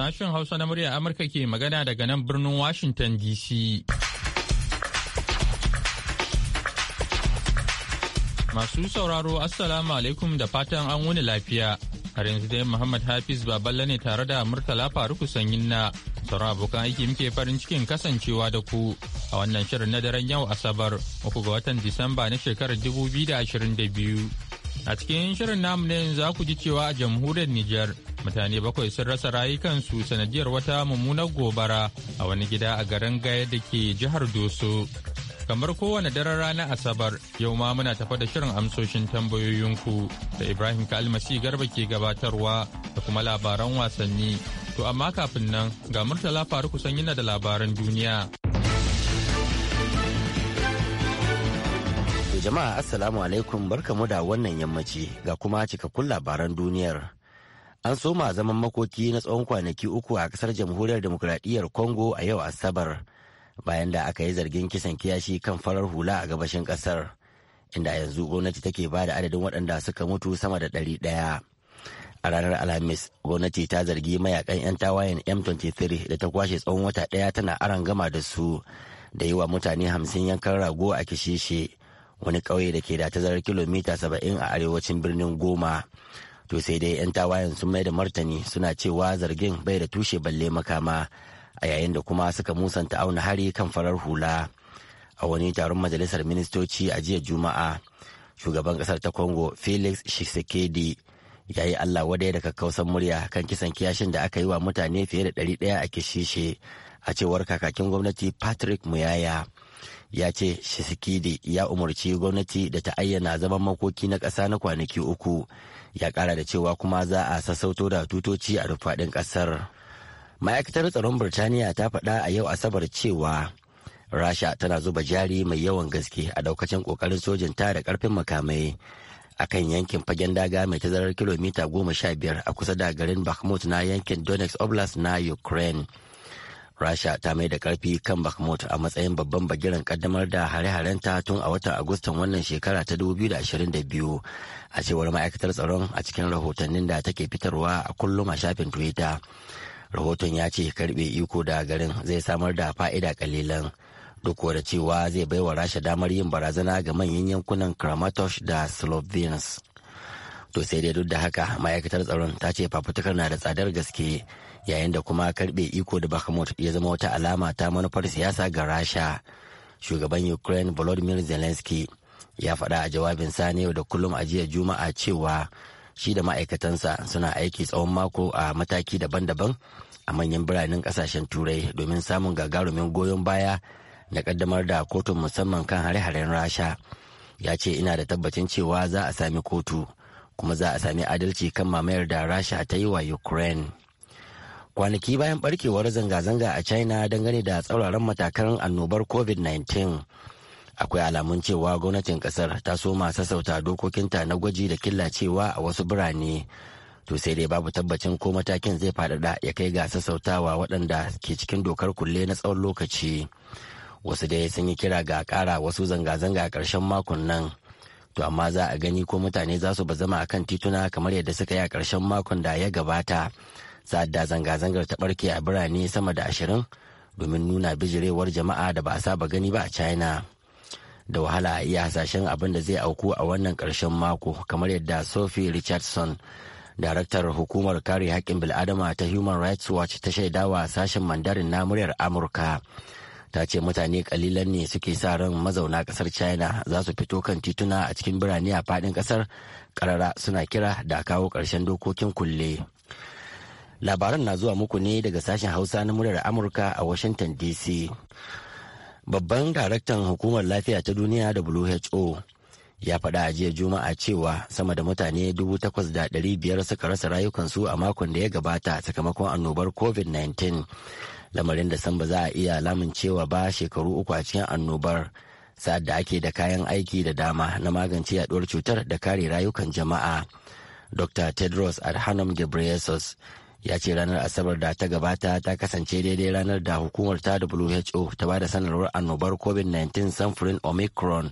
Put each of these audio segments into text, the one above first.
Sashen Hausa na murya Amurka ke magana daga nan birnin Washington DC. Masu sauraro Assalamu alaikum da fatan an wuni lafiya. Har yanzu dai Muhammad Hafiz Baballe ne tare da Murtala Faruku Sanyin na sauran abokan aiki muke farin cikin kasancewa da ku a wannan shirin na daren yau Asabar, uku ga watan Disamba na shekarar 2022. A cikin shirin namu ne za ku ji cewa a jamhuriyar Nijar mutane bakwai sun rasa rayukansu sanadiyar wata mummunar gobara a wani gida a garin Gaya da ke jihar Doso. Kamar kowane daren ranar Asabar, yau ma muna tafa da shirin amsoshin tambayoyinku da Ibrahim Kalmasi Garba ke gabatarwa da kuma labaran wasanni. To amma kafin nan ga Murtala kusan yana da labaran duniya. jama'a assalamu alaikum barkamu da wannan yammaci ga kuma cikakkun labaran duniyar. An soma zaman makoki na tsawon kwanaki uku a kasar jamhuriyar demokuraɗiyyar Congo a yau Asabar bayan da aka yi zargin kisan kiyashi kan farar hula a gabashin kasar inda yanzu gwamnati take ba da adadin waɗanda suka mutu sama da ɗari ɗaya. A ranar Alhamis, gwamnati ta zargi mayakan 'yan tawayen M23 da ta kwashe tsawon wata ɗaya tana gama da su da yi wa mutane hamsin yankan rago a kishishe wani ƙauye da ke da tazarar kilomita saba'in a arewacin birnin goma to sai dai 'yan tawayen sun mai da martani suna cewa zargin bai da tushe balle makama a yayin da kuma suka musanta auna hari kan farar hula a wani taron majalisar ministoci a jiya juma'a shugaban kasar ta congo felix shisekedi ya yi allah wadai da kakkausan murya kan kisan kiyashin da aka yi wa mutane fiye da 100 a kishishe a cewar kakakin gwamnati patrick muyaya ya ce shisikidi ya umarci gwamnati da ta ayyana zaman makoki na ƙasa na kwanaki uku ya ƙara da cewa kuma za a sassauto da tutoci a rufaɗin ƙasar ma'aikatar tsaron birtaniya ta faɗa a yau asabar cewa rasha tana zuba jari mai yawan gaske a daukacin ƙoƙarin sojin ta da ƙarfin makamai a kan yankin fagen daga mai tazarar kilomita goma sha biyar a kusa da garin bakhmut na yankin donetsk oblast na ukraine rasha ta mai da karfi kan bakhmut a matsayin babban bagiran kaddamar da hare-harenta tun a watan agustan wannan shekara ta 2022 a cewar ma'aikatar tsaron a cikin rahotannin da take fitarwa a kullum a shafin twitter rahoton ya ce karbe iko da garin zai samar da fa'ida kalilan duk da cewa zai baiwa rasha damar yin barazana ga manyan yankunan kramatorsk da slovenes to sai dai duk da haka ma'aikatar tsaron ta ce fafutukar na da tsadar gaske yayin da kuma karbe iko da bakhmut ya zama wata alama ta manufar siyasa ga rasha shugaban ukraine volodymyr zelensky ya faɗa a jawabin sani yau da kullum a jiya juma'a cewa shi da ma'aikatansa suna aiki tsawon mako a mataki daban-daban a manyan biranen kasashen turai domin samun gagarumin goyon baya na kaddamar da kotun musamman kan hare-haren rasha ya ce ina da tabbacin cewa za a sami kotu kuma za a sami adalci kan mamayar da rasha ta yi wa ukraine kwanaki bayan barkewar zanga-zanga a china dangane da tsauraran matakan annobar covid-19 akwai alamun cewa gwamnatin kasar ta soma sassauta dokokinta na gwaji da killacewa a wasu birane to sai dai babu tabbacin ko matakin zai faɗaɗa ya kai ga sassautawa waɗanda ke cikin dokar kulle na tsawon lokaci wasu dai sun yi kira ga ƙara wasu zanga-zanga a ƙarshen makon nan to amma za a gani ko mutane za su bazama a kan tituna kamar yadda suka yi a ƙarshen makon da ya gabata sa'ad zanga-zangar ta barke a birane sama da ashirin domin nuna bijirewar jama'a da ba a saba gani ba a china da wahala a iya hasashen abin da zai auku a wannan ƙarshen mako kamar yadda sophie richardson daraktar hukumar kare haƙƙin bil'adama ta human rights watch ta shaidawa sashen mandarin na muryar amurka ta ce mutane kalilan ne suke sa ran mazauna ƙasar china za su fito kan tituna a cikin birane a faɗin ƙasar ƙarara suna kira da kawo ƙarshen dokokin kulle labaran na zuwa muku ne daga sashen hausa na murar amurka a washington dc babban daraktan hukumar lafiya ta duniya who ya faɗa a jiya juma'a cewa sama da mutane 8,500 suka rasa rayukansu a makon da ya gabata sakamakon annobar covid-19 lamarin da san ba za a iya lamuncewa ba shekaru uku a cikin annobar sa'ad da ake da kayan aiki da dama na magance yaduwar cutar da kare rayukan jama'a dr tedros adhanom ghebreyesus ya ce ranar asabar da ta gabata ta kasance daidai ranar da hukumar ta who ta ba da sanarwar annobar covid-19 samfurin omicron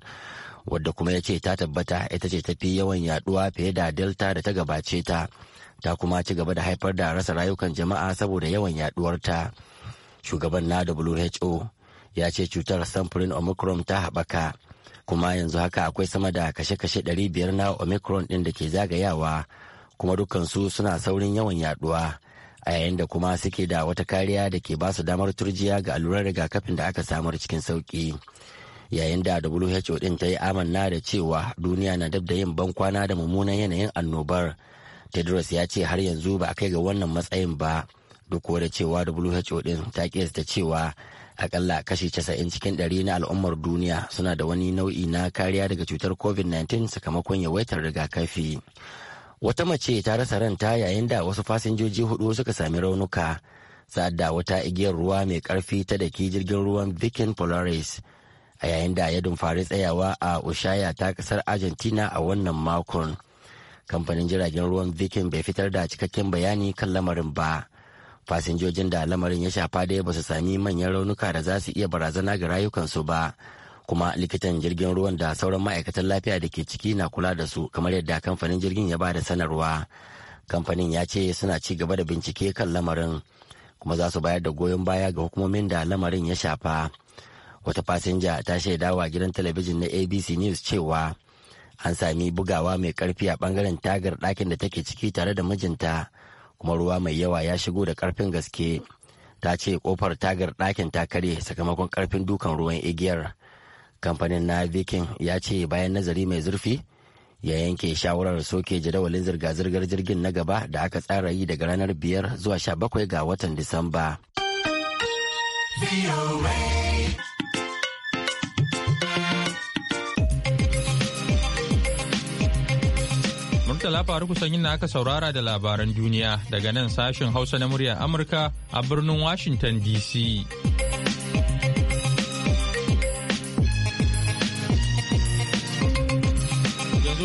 wadda kuma ya ce ta tabbata ita ce tafi yawan yaduwa fiye da delta da ta gabace ta ta kuma ci gaba da haifar da rasa rayukan jama'a saboda yawan yaduwarta shugaban na who ya ce cutar samfurin omicron ta haɓaka kuma yanzu haka akwai sama da kashe-kashe 500 na omicron ɗin da ke zagayawa kuma dukkansu suna saurin yawan yaduwa a yayin da kuma suke da wata kariya da ke basu damar turjiya ga allurar rigakafin da aka samar cikin sauki yayin da who din ta yi amanna da cewa duniya na dab da yin bankwana da mummunan yanayin annobar tedros ya ce har yanzu ba a kai ga wannan matsayin ba duk da cewa who din ta kiyasta cewa akalla kashi 90 cikin ɗari na al'ummar duniya suna da wani nau'i na kariya daga cutar covid-19 sakamakon yawaitar rigakafi wata mace ta rasa ranta yayin da wasu fasinjoji hudu suka sami raunuka sa'ad da wata igiyar ruwa mai karfi ta daki jirgin ruwan viking polaris a yayin da ya dumfari tsayawa a ushaya ta kasar argentina a wannan makon kamfanin jiragen ruwan viking bai fitar da cikakken bayani kan lamarin ba fasinjojin da lamarin ya shafa dai ba su sami manyan raunuka da za su iya barazana ga rayukansu ba kuma likitan jirgin ruwan da sauran ma'aikatan lafiya da ke ciki na kula da su kamar yadda kamfanin jirgin ya ba da sanarwa kamfanin ya ce suna ci gaba da bincike kan lamarin kuma za su bayar da goyon baya ga hukumomin da lamarin ya shafa wata fasinja ta shaida wa gidan talabijin na abc news cewa an sami bugawa mai karfi a bangaren tagar ɗakin da take ciki tare da mijinta kuma ruwa mai yawa ya shigo da karfin gaske ta ce kofar tagar ɗakin ta karye sakamakon karfin dukan ruwan igiyar kamfanin na viking ya ce bayan nazari mai zurfi ya yanke shawarar soke jadawalin zirga-zirgar jirgin na gaba da aka tsara yi daga ranar biyar zuwa sha bakwai ga watan disamba Murtala faruk sanyin na aka saurara da labaran duniya daga nan sashen Hausa na muryar Amurka a birnin Washington DC.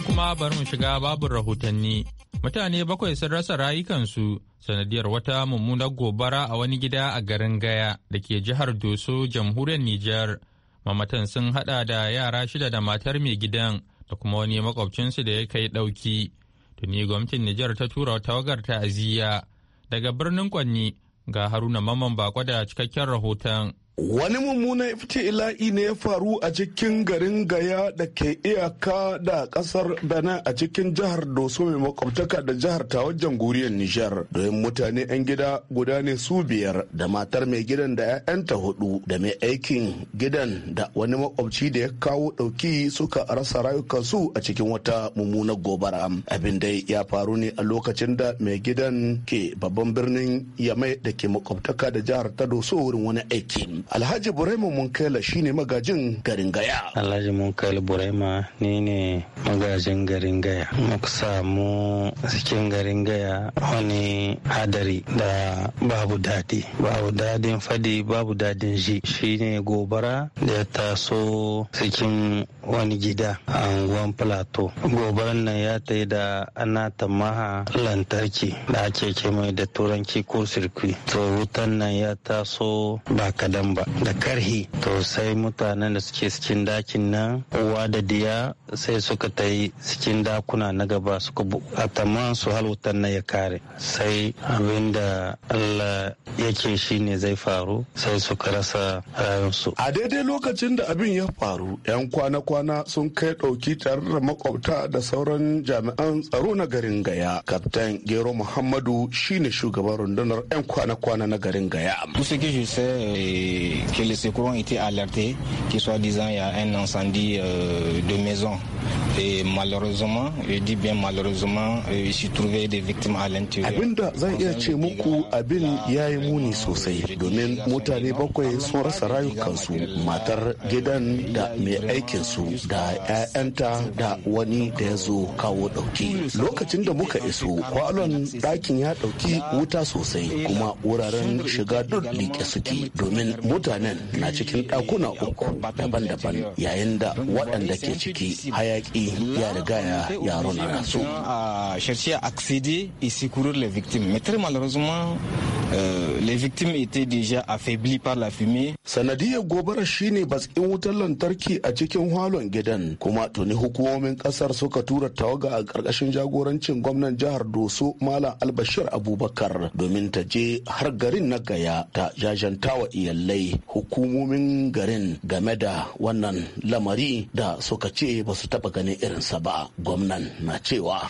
kuma bari mu shiga babu rahotanni. Mutane bakwai sun rasa rayukansu sanadiyar wata mummunar gobara a wani gida a garin Gaya da ke jihar Doso, jamhuriyar Nijar. Mamatan sun hada da yara shida da matar mai gidan da kuma wani makwabcinsu da ya kai ɗauki. Tuni gwamnatin Nijar ta tura tawagar ta'aziyya daga birnin Kwanni ga Haruna Maman Bako da cikakken rahoton. Wani mummunan ila'i ne ya faru a cikin garin Gaya da ke iyaka da kasar Benin a cikin jihar Doso mai makwabtaka da jihar ta wajen guriyar Nijar. Domin mutane 'yan gida guda ne su biyar da matar mai gidan da 'ya'yanta hudu da mai aikin gidan da wani makwabci da ya kawo ɗauki suka rasa rayukansu a cikin wata mummunar gobara. Abin dai ya faru ne a lokacin da mai gidan ke babban birnin Yamai da ke makwabtaka da jihar ta Doso wurin wani aiki. Alhaji. Burema Munkaila shine magajin garin Gaya. Alhaji Munkaila Burema ni ne magajin garin Gaya. Muka samu cikin garin Gaya wani hadari da babu dadi. Babu dadin fadi babu dadin Shi Shine gobara da ya taso cikin wani gida a unguwan Plateau. Gobaran nan ya ta da ana tamaha lantarki da ake kemai da turanci ko sirkwi. To wutan nan ya taso ba kadan ba da karhi to sai mutanen da suke cikin dakin nan uwa da diya sai suka ta yi cikin dakuna na gaba suka a taman su halwutan na ya kare sai abin da allah yake shi ne zai faru sai suka rasa rayunsu a daidai lokacin da abin ya faru 'yan kwana-kwana sun kai ɗauki tare da makwabta da sauran jami'an tsaro na garin gaya kaftan gero muhammadu shine shugaban rundunar 'yan kwana-kwana na garin gaya que les secours ont été alertés, qu'il disant il y a un incendie euh, de maison. Et malheureusement, je dis bien malheureusement, je euh, suis trouvé des victimes à l'intérieur. mutanen na cikin ɗakuna uku daban-daban yayin da waɗanda ke ciki hayaƙi ya riga ya yaro na kasu. A à accéder et secourir les victimes. Mais très malheureusement, euh, les victimes étaient déjà par la fumée. Sanadiyar gobarar shine batsin wutar lantarki a cikin halon gidan kuma tuni hukumomin kasar suka tura tawaga a ƙarƙashin jagorancin gwamnan jihar Doso Malam Albashir Abubakar domin ta je har garin na Gaya ta jajantawa iyalai tambayi hukumomin garin game da wannan lamari da suka ce ba su taba ganin irinsa ba gwamnan na cewa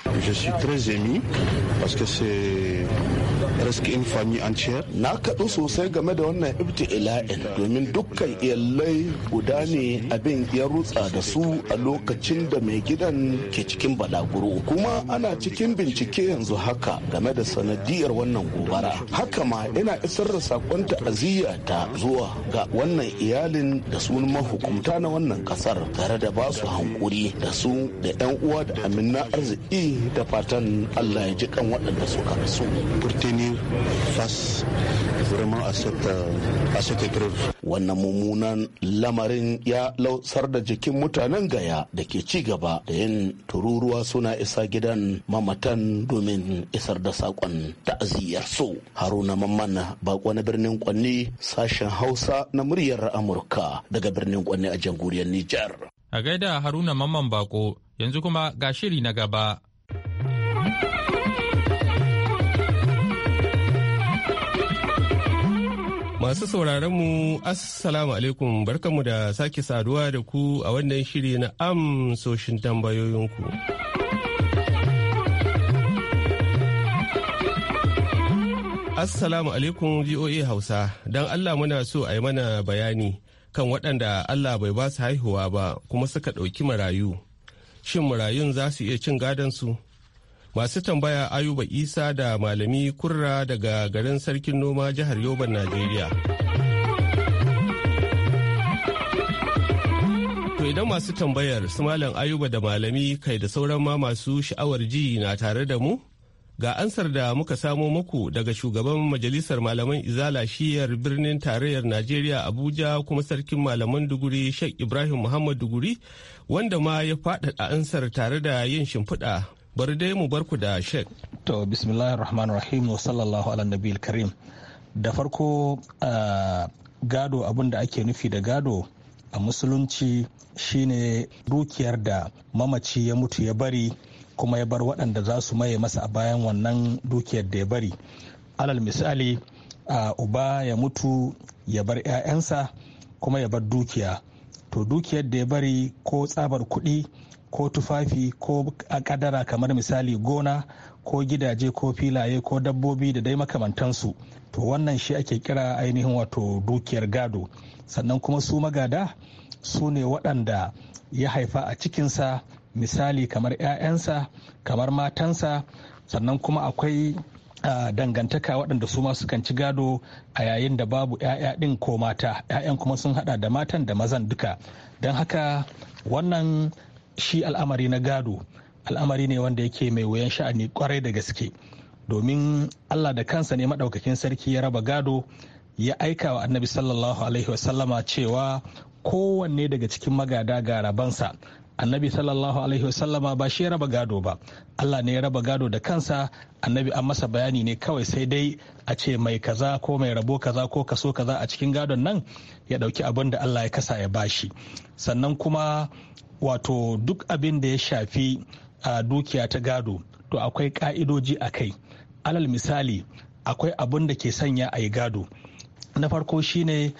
rescuing family an ciyar. na kaɗu sosai game da wannan ila'in domin dukkan iyalai guda ne abin ya rutsa da su a lokacin da mai gidan ke cikin balaguro kuma ana cikin bincike yanzu haka game da sanadiyar wannan gobara haka ma ina isar da sakon ta'aziyya ta zuwa ga wannan iyalin da sunan mahukumta na wannan kasar tare da ba su hankuri da su da yan uwa da amina arziki da fatan allah ya ji kan waɗanda suka rasu. face vraiment à Wannan mummunan lamarin ya lausar da jikin mutanen gaya da ke ci gaba da yin tururuwa suna isa gidan mamatan domin isar da saƙon ta'aziyyar su. Haruna Mamman bako na birnin Kwanni sashen Hausa na muryar Amurka daga birnin Kwanni a jamhuriyar Nijar. A gaida Haruna Mamman bako yanzu kuma ga shiri na gaba. Masu sauraron mu Assalamu alaikum barkanmu da sake saduwa da ku a wannan shiri na amsoshin tambayoyinku. Assalamu alaikum VOA Hausa, don Allah muna so a yi mana bayani kan waɗanda Allah bai ba su haihuwa ba kuma suka ɗauki marayu. Shin marayun za su iya cin gadon su? masu tambaya ayuba isa da malami kurra daga garin sarkin noma jihar yoban najeriya to idan masu tambayar su malam ayuba da malami kai da sauran ma masu sha'awar ji na tare da mu ga ansar da muka samo muku daga shugaban majalisar malaman izala shiyar birnin tarayyar najeriya abuja kuma sarkin malaman duguri sheikh ibrahim muhammad duguri wanda ma ya faɗaɗa ansar tare da yin shimfiɗa bari dai mu barku da shek to bismillahir rahmanir rahim wa sallallahu ala nabiyil karim da farko gado abin da ake nufi da gado a musulunci shine dukiyar da mamaci ya mutu ya bari kuma ya bar waɗanda za su maye masa a bayan wannan dukiyar da ya bari alal misali a uba ya mutu ya bar 'ya'yansa kuma ya bar dukiya to dukiyar da ya bari ko tsabar kuɗi ko tufafi ko a kadara kamar misali gona ko gidaje ko filaye ko dabbobi da dai makamantansu to wannan shi ake kira ainihin wato dukiyar gado sannan kuma su magada su ne waɗanda ya haifa a cikinsa misali kamar 'ya'yansa kamar matansa sannan kuma akwai Uh, dangantaka waɗanda su masu sukan ci gado a yayin da babu 'ya'ya ɗin ko mata 'ya'yan kuma sun hada da matan da mazan duka don haka wannan shi al'amari na gado al'amari ne wanda yake mai wuyan sha'ani kwarai da gaske domin allah da kansa ne maɗaukakin sarki ya raba gado ya aika wa annabi sallallahu alaihi wasallama cewa kowanne daga cikin magada ga rabansa annabi sallallahu alaihi wasallama ba shi ya raba gado ba allah ne ya raba gado da kansa annabi an masa bayani ne kawai sai dai a ce mai kaza ko mai rabo kaza ko kaso kaza a cikin gadon nan ya ɗauki abin da allah ya kasa ya bashi sannan kuma wato duk abin da ya shafi a dukiya ta gado to akwai ka'idoji a kai alal misali akwai abin da ke sanya a yi gado na farko shine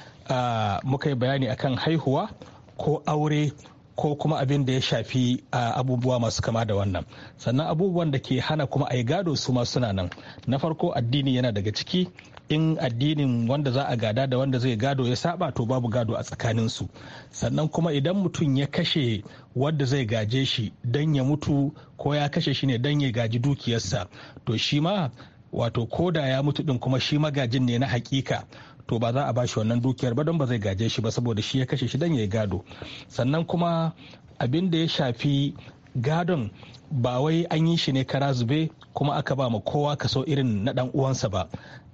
muka yi bayani akan haihuwa ko aure ko kuma abin da ya shafi abubuwa masu kama da wannan sannan abubuwan da ke hana kuma a yi gado su masu suna nan na farko addini yana daga ciki in addinin wanda za a gada da wanda zai gado ya saba to babu gado a tsakanin su sannan kuma idan mutum ya kashe wanda zai gaje shi don ya mutu ko ya kashe shi ne don ya gaji dukiyarsa to shi ma wato ko da ya mutu din kuma shi magajin ne na hakika to ba za a bashi wannan dukiyar ba don ba zai gaje shi ba saboda shi ya kashe shi don ya gado sannan kuma abin da ya shafi gadon ba wai an yi shi ne kara zube kuma aka ba ma kowa kaso irin na dan uwansa ba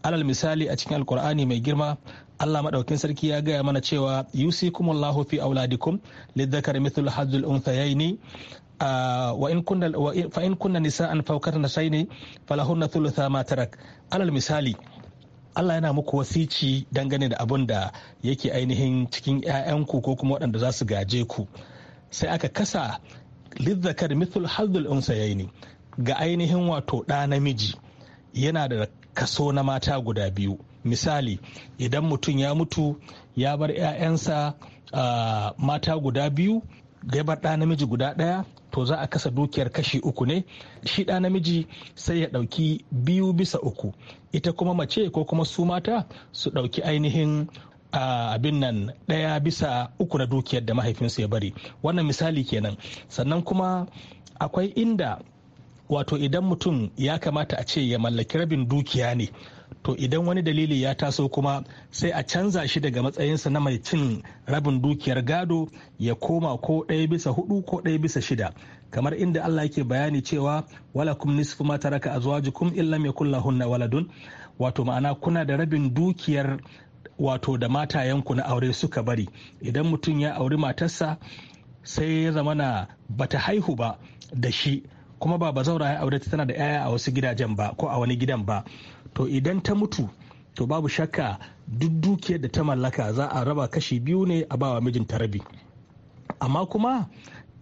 alal misali a cikin alkur'ani mai girma Allah maɗaukin sarki ya gaya mana cewa kuma yusikumullahu fi auladikum lidakar mithul hadzul unthayaini fa in kunna nisa an nisa'an ne, shayni falahunna thulutha ma tarak alal misali Allah yana muku wasici dangane da abun da yake ainihin cikin 'ya'yanku ko kuma waɗanda za su gaje ku sai aka kasa lizzakar mithul hazzul unsayaini ga ainihin wato ɗa namiji yana da kaso na mata guda biyu misali idan mutum ya mutu ya bar 'ya'yansa uh, mata guda biyu ya bar ɗa namiji guda ɗaya to za a kasa dukiyar kashi uku ne shi ɗa namiji sai ya ɗauki biyu bisa uku ita kuma mace ko kuma su mata su ɗauki ainihin a abin nan ɗaya bisa uku na dukiyar da mahaifinsu ya bari wannan misali kenan sannan kuma akwai inda wato idan mutum ya kamata a ce ya mallaki rabin dukiya ne to idan wani dalili ya taso kuma sai a canza shi daga matsayinsa na mai cin rabin dukiyar gado ya koma ko ɗaya bisa hudu ko ɗaya bisa shida kamar inda Allah yake bayani cewa wala kum nisfu ma taraka azwajukum illam yakul lahunna waladun wato ma'ana kuna da rabin dukiyar wato da mata yanku na aure suka bari idan mutum ya auri matarsa sai ya zama na bata haihu ba da shi kuma ba ba zaura ya aure ta tana da 'ya'ya a wasu gidajen ba ko a wani gidan ba to idan ta mutu to babu shakka duk dukiyar da ta mallaka za a raba kashi biyu ne a bawa mijinta rabi amma kuma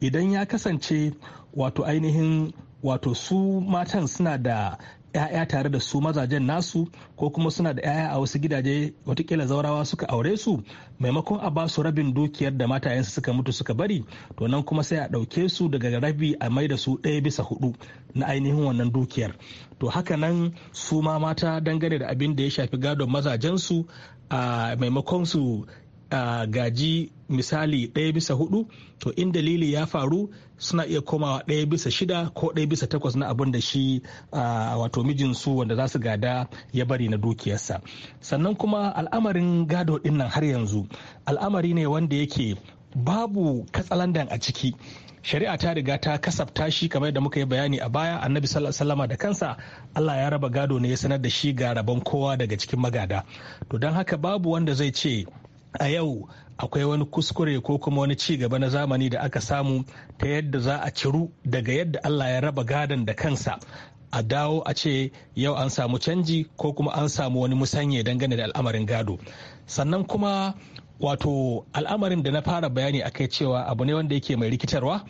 idan ya kasance wato ainihin wato su matan suna da 'ya'ya tare da su mazajen nasu ko kuma suna da 'ya'ya a wasu gidaje watakila zaurawa suka aure su maimakon a ba su rabin dukiyar da matayensu suka mutu suka bari to nan kuma sai a ɗauke su daga rabi a mai da su ɗaya bisa hudu na ainihin wannan dukiyar to haka nan su ma mata dangane da abin da ya shafi gadon mazajensu a maimakon su gaji misali ɗaya bisa hudu to in dalili ya faru suna iya komawa ɗaya bisa shida ko ɗaya bisa takwas na abin da shi wato mijinsu wanda za su gada ya bari na dukiyarsa sannan kuma al'amarin gado ɗin nan har yanzu al'amari ne wanda yake babu katsalandan a ciki shari'a ta riga ta kasafta shi kamar da muka yi bayani a baya annabi sallama da kansa allah ya raba gado ne ya sanar da shi ga rabon kowa daga cikin magada to don haka babu wanda zai ce a yau akwai wani kuskure ko kuma wani ci gaba na zamani da aka samu ta yadda za a ciru daga yadda Allah ya raba gadon da kansa a dawo a ce yau an samu canji ko kuma an samu wani musanye dangane da al'amarin gado sannan kuma wato al'amarin da na fara bayani a kai cewa abu ne wanda yake mai rikitarwa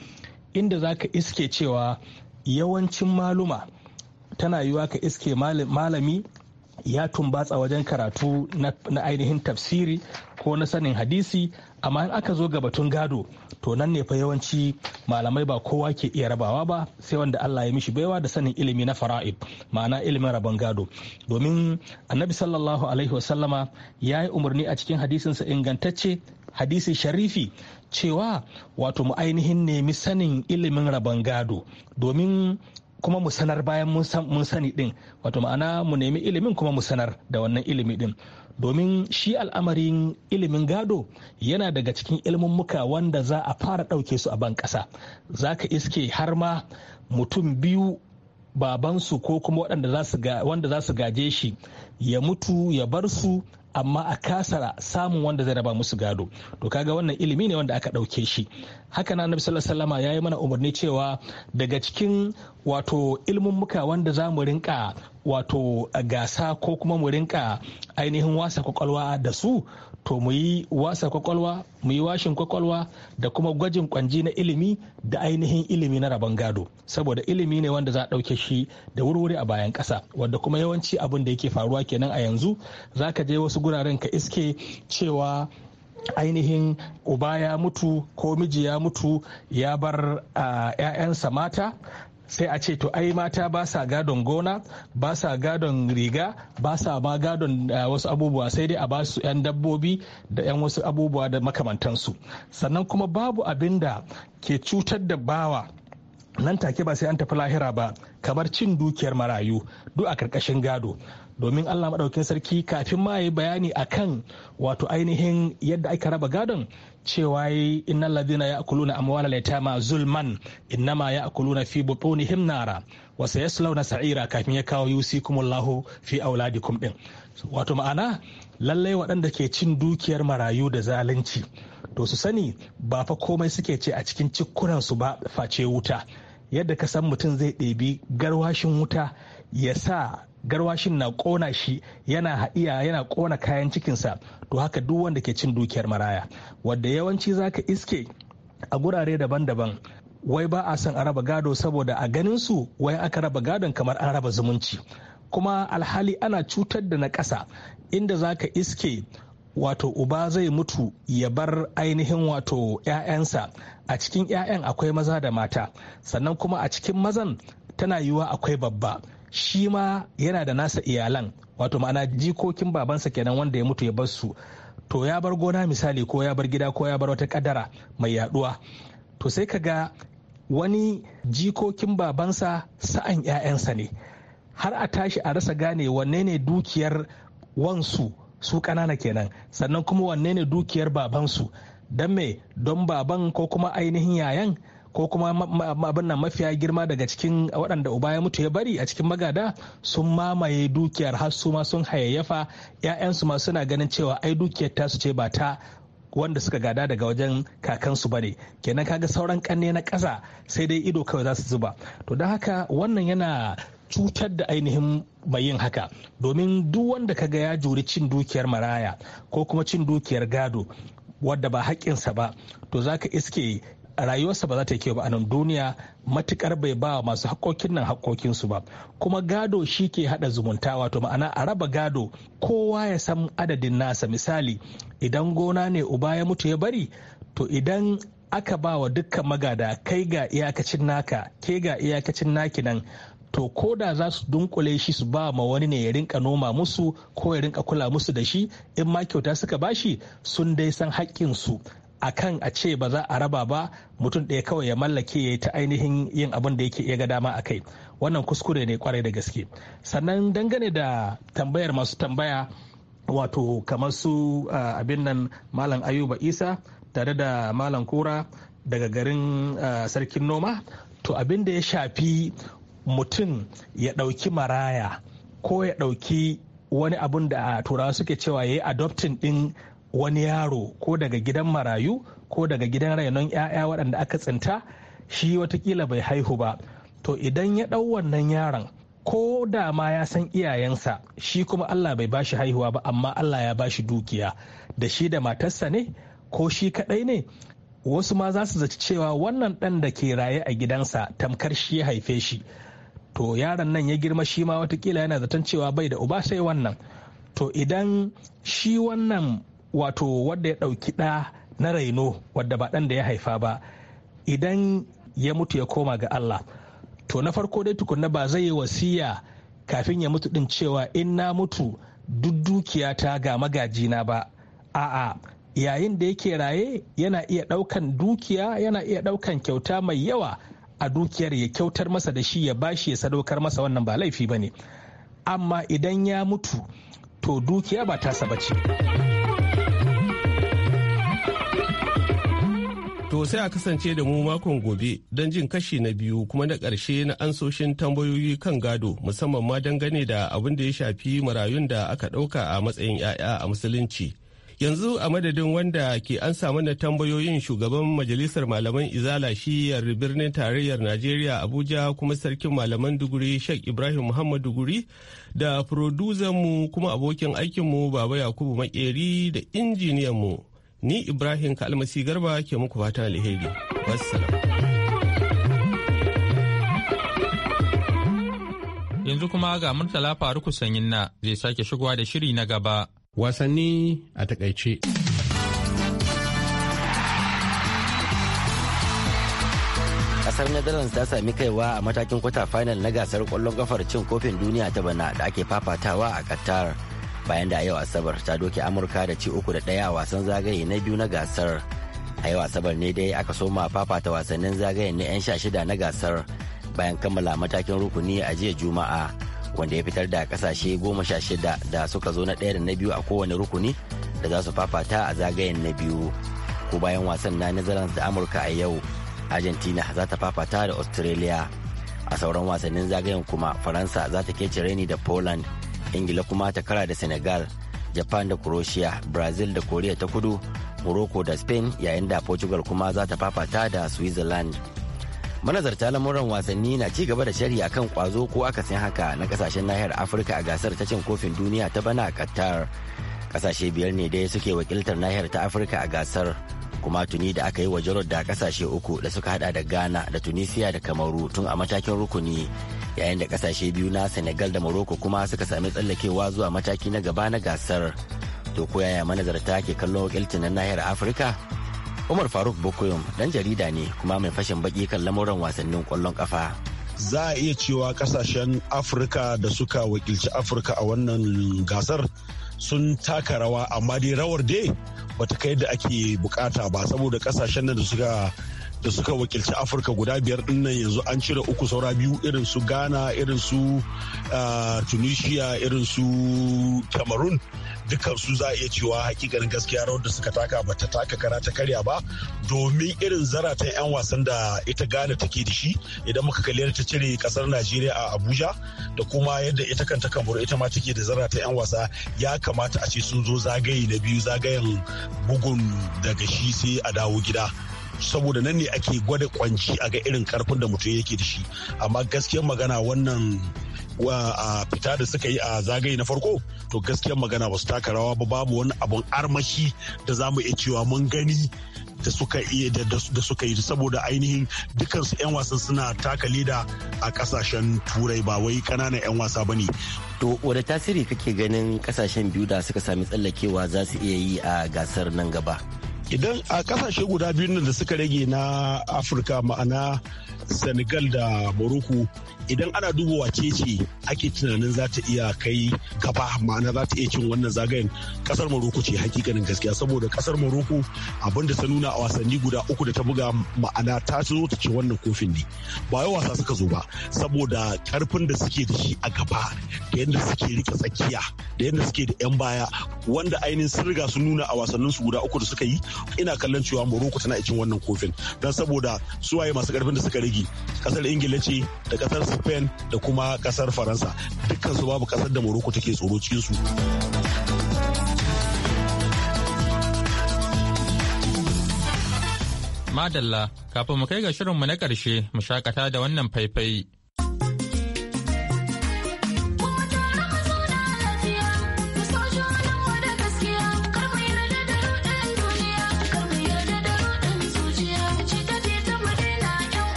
inda za ka iske cewa yawancin maluma tana yiwuwa ka iske malami ya tumbatsa wajen karatu na ainihin tafsiri ko na sanin hadisi amma in aka zo ga batun gado to nan ne fa yawanci malamai ba kowa ke iya rabawa ba sai wanda Allah ya mishi baiwa da sanin ilimi na fara'id ma'ana ilimin rabon gado domin annabi sallallahu alaihi wasallama ya yi umarni a cikin hadisinsa ingantacce hadisi sharifi cewa wato mu ainihin nemi sanin ilimin rabon gado domin kuma mu sanar bayan mun sani din wato ma'ana mu nemi ilimin kuma mu sanar da wannan ilimi din domin shi al'amarin ilimin gado yana daga cikin ilmummuka wanda za a fara ɗauke su a ban ƙasa za ka iske har ma mutum biyu babansu ko kuma wanda za su gaje shi ya mutu ya bar su amma a kasara samun wanda zai raba musu gado to kaga wannan ilimi ne wanda aka ɗauke shi haka na annabi sallallahu alaihi wasallam yayi mana umarni cewa daga cikin wato ilmummuka wanda za mu rinka wato gasa ko kuma mu rinka ainihin wasa kwakwalwa da su to mu yi wasa kwakwalwa mu yi washin kwakwalwa da kuma gwajin kwanji na ilimi da ainihin ilimi na rabon gado saboda ilimi ne wanda za a ɗauke shi da wurwuri a bayan ƙasa wanda kuma yawanci abin da yake faruwa kenan a yanzu za ka je wasu guraren ka iske cewa ainihin uba ya mutu ko miji ya mutu ya bar ah, 'ya'yansa mata sai a ce to ai mata ba sa gadon gona ba sa gadon riga ba sa ma gadon eh, wasu abubuwa sai dai a ba su 'yan dabbobi da 'yan wasu abubuwa da makamantansu sannan kuma babu abin da ke cutar da bawa nan take ba sai an tafi lahira ba kamar cin dukiyar marayu duk a karkashin gado domin Allah maɗaukin sarki kafin ma yi bayani akan wato ainihin yadda aka raba gadon cewa yi innal ladina ya'kuluna amwalal yatama zulman innama ya'kuluna fi wasu ya sulau na sa'ira kafin ya kawo yusikumullahu fi Auladi din wato ma'ana lallai waɗanda ke cin dukiyar marayu da zalunci to su sani ba fa komai suke ce a cikin su ba face wuta yadda ka san mutum zai ɗebi garwashin wuta ya sa garwashin na kona shi yana haɗiya yana kona kayan cikinsa to haka duk wanda ke cin dukiyar maraya wadda yawanci zaka iske a gurare daban-daban wai ba a son a raba gado saboda a ganin su wai aka raba gadon kamar an raba zumunci kuma alhali ana cutar da na ƙasa inda zaka iske wato uba zai mutu ya bar ainihin wato 'ya'yansa a cikin 'ya'yan akwai maza da mata sannan kuma a cikin mazan tana yiwuwa akwai babba shi ma yana da nasa iyalan wato ma'ana jikokin babansa kenan wanda ya mutu ya bar su to ya bar gona misali ko ya bar gida ko ya bar wata kadara mai yaduwa to sai ka ga wani jikokin babansa sa'an 'ya'yansa ne har a tashi a rasa gane wanne ne dukiyar wansu su kanana kenan sannan kuma wanne ne dukiyar babansu don me don baban ko kuma ainihin yayan ko kuma abin nan mafiya girma daga cikin waɗanda uba ya mutu ya bari a cikin magada sun mamaye dukiyar har su ma sun hayayyafa 'ya'yansu ma suna ganin cewa ai dukiyar tasu ce ba ta wanda suka gada daga wajen kakansu bane kenan kaga sauran kanne na ƙasa sai dai ido kawai za su zuba to don haka wannan yana cutar da ainihin mai yin haka domin duk wanda kaga ya juri cin dukiyar maraya ko kuma cin dukiyar gado wadda ba haƙƙinsa ba to za ka iske rayuwarsa ba za ta yi kyau ba a nan duniya matukar bai ba masu haƙoƙin nan haƙoƙinsu ba kuma gado shi ke haɗa zumunta wato ma'ana a raba gado kowa ya san adadin nasa misali idan gona ne uba ya mutu ya bari to idan aka ba wa dukkan magada kai ga iyakacin naka ke ga iyakacin naki nan to ko da za su dunkule shi su ba ma wani ne ya rinka noma musu ko ya rinka kula musu da shi in ma kyauta suka bashi sun dai san haƙƙinsu a kan a ce ba za a raba ba mutum ɗaya kawai ya mallake ya yi ta ainihin yin abin da yake iya ga dama a kai wannan kuskure ne kwarai da gaske sannan dangane da tambayar masu tambaya wato kamar su abin nan malam ayuba isa tare da malam kura daga garin sarkin noma to abin da ya shafi mutum ya ɗauki maraya ko ya ɗauki wani abun da turawa suke cewa ya yi adoptin ɗin wani yaro ko daga gidan marayu ko daga gidan rainon 'ya'ya waɗanda aka tsinta shi watakila bai haihu ba to idan ya ɗau wannan yaron ko da ma ya san iyayensa shi kuma allah bai bashi haihuwa ba amma allah ya bashi dukiya da shi da matarsa ne ko shi kaɗai ne wasu ma za su zaci cewa wannan ɗan da ke raye a gidansa tamkar shi ya haife shi to yaron nan ya girma shi ma watakila yana zaton cewa bai da uba sai wannan to idan shi wannan wato wadda ya ɗauki ɗa na raino wadda ba ɗan da ya haifa ba idan ya mutu ya koma ga Allah to na farko dai tukunna ba zai yi wasiya kafin ya mutu din cewa in na mutu duk dukiyata ga magajina ba a'a yayin da yake raye yana iya ɗaukan dukiya yana iya ɗaukan kyauta mai yawa a dukiyar ya kyautar masa da shi ya bashi ya sadaukar masa wannan ba laifi ba ne amma idan ya mutu to dukiya ba tasa ba ce. To sai a kasance da mu makon gobe don jin kashi na biyu kuma na ƙarshe na ansoshin tambayoyi kan gado musamman ma dangane da abin da ya shafi marayun da aka ɗauka a matsayin 'ya'ya a musulunci. yanzu a madadin wanda ke an samu na tambayoyin shugaban majalisar malaman izala shi yar birnin tarayyar najeriya abuja kuma sarkin malaman duguri shek ibrahim muhammad duguri da mu kuma abokin aikinmu baba yakubu makeri da injiniyanmu ni ibrahim kalmasi garba ke muku fatan alheri wassalam yanzu kuma ga murtala faruku sanyin na zai sake shigowa da shiri na gaba wasanni a takaice. kasar netherlands ta sami kaiwa a matakin kwata final na gasar kwallon kafar cin kofin duniya ta bana da ake fafatawa a qatar bayan da a yau asabar ta doke amurka da ci uku da daya a wasan zagaye na biyu na gasar a yau asabar ne dai aka soma fafata wasannin zagaye na 'yan sha shida na gasar bayan kammala matakin rukuni a jiya juma'a wanda ya fitar da kasashe goma sha shida da suka zo na ɗaya da na biyu a kowane rukuni da za su fafata a zagayen na biyu ko bayan wasan na netherlands da amurka a yau argentina za ta fafata da australia a sauran wasannin zagayen kuma faransa za ta kece reni da poland ingila kuma ta kara da senegal japan da croatia brazil da korea ta kudu morocco da spain yayin da portugal kuma za ta fafata da switzerland manazarta lamuran wasanni na ci gaba da sharhi akan kwazo ko akasin haka na kasashen nahiyar afirka a gasar ta cin kofin duniya ta bana a qatar kasashe biyar ne dai suke wakiltar nahiyar ta afirka a gasar kuma tuni da aka yi wa jarod da kasashe uku da suka hada da ghana da tunisia da kamaru tun a matakin rukuni yayin da kasashe biyu na senegal da morocco kuma suka sami tsallakewa zuwa mataki na gaba na gasar to ko yaya manazarta ke kallon wakiltar na nahiyar afirka Umar Faruk Bokoyom dan jarida ne kuma mai fashin baki kan lamuran wasannin kwallon kafa. Za a iya cewa kasashen Afirka da suka wakilci Afirka a wannan gasar sun taka rawa amma dai rawar dai bata kai da ake bukata ba saboda kasashen da suka da suka wakilci afirka guda biyar dinnan yanzu an cire uku saura biyu irin su ghana irin su ah, tunisia irin su cameroon dukkan su za a iya cewa hakikanin gaskiya rawar da suka taka ba ta taka kara ta karya ba domin irin ta 'yan wasan da ita ghana take da shi idan muka kalli ta cire kasar najeriya a abuja da kuma yadda ita kanta kamaru ita ma take da zaratan 'yan wasa ya kamata a ce sun zo zagaye na biyu zagayen bugun daga shi sai a dawo gida saboda nan ne ake gwada kwanci a ga irin karfin da mutum yake da shi amma gaskiyar magana wannan wa a fita da suka yi a zagaye na farko to gaskiyar magana ba su taka rawa ba babu wani abun armashi da za mu iya cewa mun gani da suka iya da suka yi saboda ainihin dukansu 'yan wasan suna taka leda a kasashen turai ba wai kananan 'yan wasa ba ne to wadda tasiri kake ganin kasashen biyu da suka sami tsallakewa za su iya yi a gasar nan gaba idan a kasashe guda biyu nan da suka rage na afirka ma'ana senegal da morocco idan ana duba wace ce ake tunanin za ta iya kai gaba ma'ana za ta iya cin wannan zagayen kasar morocco ce hakikanin gaskiya saboda kasar morocco abinda ta nuna a wasanni guda uku da ta buga ma'ana ta zo ta ci wannan kofin ne ba yi wasa suka zo ba saboda karfin da suke da shi a gaba da yadda suke rike tsakiya da yadda suke da yan baya wanda ainihin sun riga sun nuna a wasannin su guda uku da suka yi ina kallon cewa Morocco tana cikin wannan kofin don saboda su waye masu karfin da suka rage kasar Ingila ce da kasar Spain da kuma kasar Faransa dukkan su babu kasar da Morocco take tsoro cikin su. Madalla kafin mu kai ga mu na ƙarshe mu shakata da wannan faifai.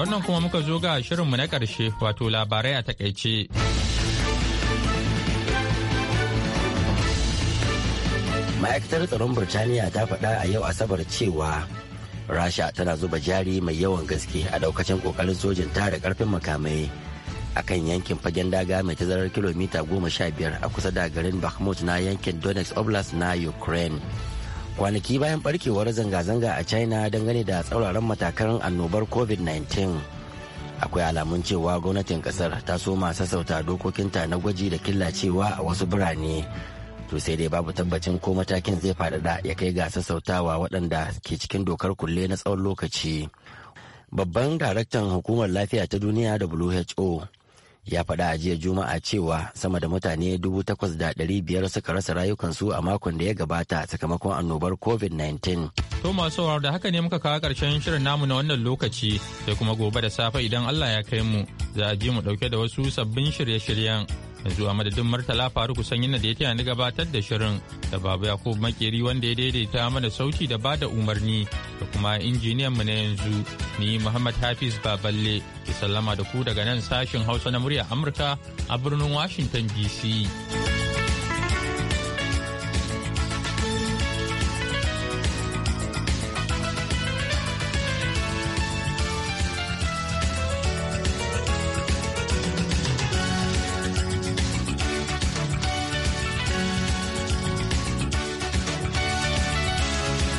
wannan kuma muka zo ga shirinmu na ƙarshe wato labarai a takaice. ma'aikatar tsaron burtaniya ta faɗa a yau asabar cewa rasha tana zuba jari mai yawan gaske a daukacin kokarin sojin ta da karfin makamai a kan yankin fagen daga mai tazarar kilomita goma sha biyar a kusa da garin bakhmut na yankin donetsk oblast na ukraine kwanaki bayan barkewar zanga-zanga a china dangane da tsauraran matakan annobar covid-19 akwai alamun cewa gwamnatin kasar ta soma sassauta dokokinta na gwaji da killacewa a wasu birane to sai dai babu tabbacin ko matakin zai faɗaɗa ya kai ga sassautawa waɗanda ke cikin dokar kulle na tsawon lokaci babban daraktan hukumar lafiya ta duniya who ya faɗa a jiya juma'a cewa sama da mutane 8,500 suka rasa rayukansu a makon da ya gabata sakamakon annobar covid-19 to masu sauraro da haka ne muka kawo ƙarshen shirin namu na wannan lokaci sai kuma gobe da safe idan allah ya kai mu za a ji mu ɗauke da wasu sabbin shirye-shiryen yanzu a madadin martala faruku na da ya taya ni gabatar da shirin da babu yakub makeri wanda ya daidaita mana sauti da bada umarni da kuma injiniyan mu na yanzu ni muhammad hafiz baballe ke sallama da ku daga nan sashin hausa na murya amurka a birnin washington dc